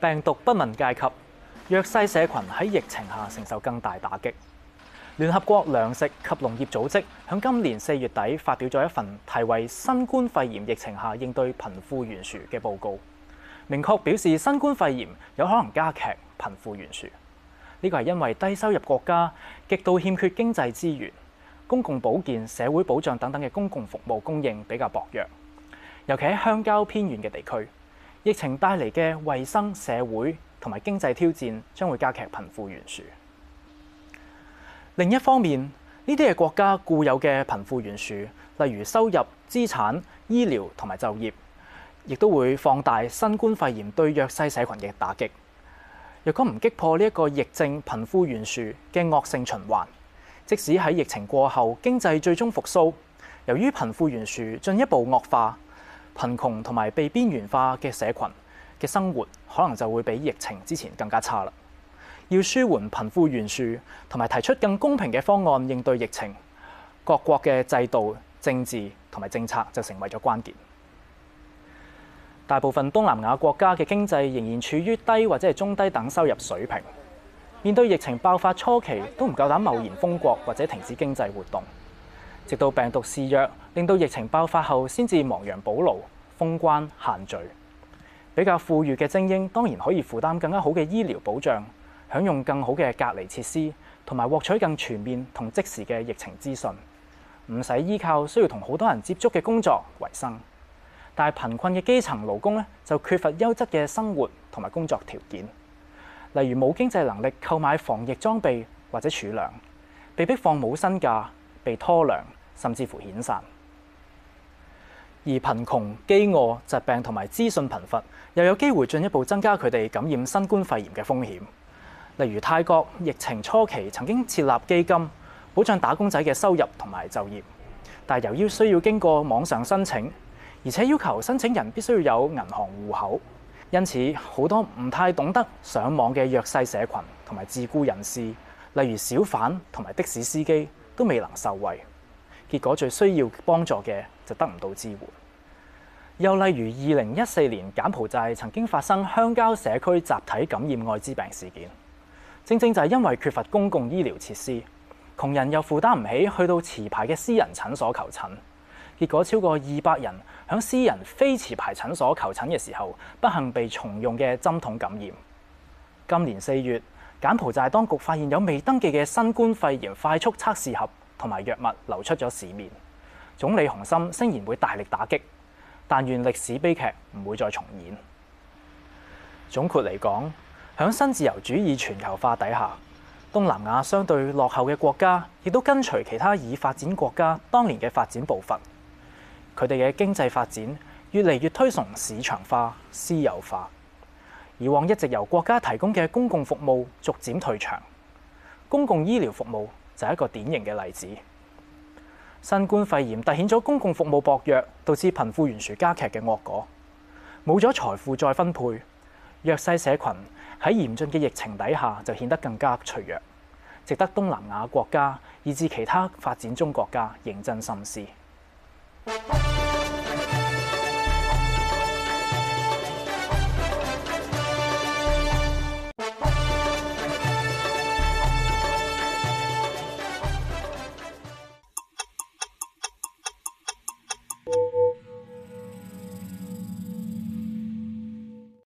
病毒不問階級，弱勢社群喺疫情下承受更大打擊。聯合國糧食及農業組織響今年四月底發表咗一份題為《新冠肺炎疫情下應對貧富懸殊》嘅報告，明確表示新冠肺炎有可能加劇貧富懸殊。呢個係因為低收入國家極度欠缺經濟資源、公共保健、社會保障等等嘅公共服務供應比較薄弱，尤其喺鄉郊偏遠嘅地區。疫情帶嚟嘅衞生、社會同埋經濟挑戰將會加劇貧富懸殊。另一方面，呢啲係國家固有嘅貧富懸殊，例如收入、資產、醫療同埋就業，亦都會放大新冠肺炎對弱勢社群嘅打擊。若果唔擊破呢一個疫症貧富懸殊嘅惡性循環，即使喺疫情過後經濟最終復甦，由於貧富懸殊進一步惡化。貧窮同埋被邊緣化嘅社群嘅生活，可能就會比疫情之前更加差啦。要舒緩貧富懸殊，同埋提出更公平嘅方案應對疫情，各國嘅制度、政治同埋政策就成為咗關鍵。大部分東南亞國家嘅經濟仍然處於低或者係中低等收入水平，面對疫情爆發初期都唔夠膽貿然封國或者停止經濟活動。直到病毒肆虐，令到疫情爆發後，先至亡羊補牢、封關限聚。比較富裕嘅精英當然可以負擔更加好嘅醫療保障，享用更好嘅隔離設施，同埋獲取更全面同即時嘅疫情資訊，唔使依靠需要同好多人接觸嘅工作為生。但係貧困嘅基層勞工咧，就缺乏優質嘅生活同埋工作條件，例如冇經濟能力購買防疫裝備或者儲糧，被逼放冇薪假。被拖糧，甚至乎遣散，而貧窮、飢餓、疾病同埋資訊貧乏，又有機會進一步增加佢哋感染新冠肺炎嘅風險。例如泰國疫情初期曾經設立基金保障打工仔嘅收入同埋就業，但由於需要經過網上申請，而且要求申請人必須要有銀行戶口，因此好多唔太懂得上網嘅弱勢社群同埋自僱人士，例如小販同埋的士司機，都未能受惠，結果最需要幫助嘅就得唔到支援。又例如二零一四年柬埔寨曾經發生鄉郊社區集體感染愛滋病事件，正正就係因為缺乏公共醫療設施，窮人又負擔唔起去到持牌嘅私人診所求診，結果超過二百人響私人非持牌診所求診嘅時候，不幸被重用嘅針筒感染。今年四月，柬埔寨當局發現有未登記嘅新冠肺炎快速測試盒同埋藥物流出咗市面，總理洪森聲言會大力打擊，但願歷史悲劇唔會再重演。總括嚟講，響新自由主義全球化底下，東南亞相對落後嘅國家亦都跟隨其他已發展國家當年嘅發展步伐，佢哋嘅經濟發展越嚟越推崇市場化、私有化。以往一直由國家提供嘅公共服務逐漸退場，公共醫療服務就係一個典型嘅例子。新冠肺炎突顯咗公共服務薄弱，導致貧富懸殊加劇嘅惡果，冇咗財富再分配，弱勢社群喺嚴峻嘅疫情底下就顯得更加脆弱，值得東南亞國家以至其他發展中國家認真深思。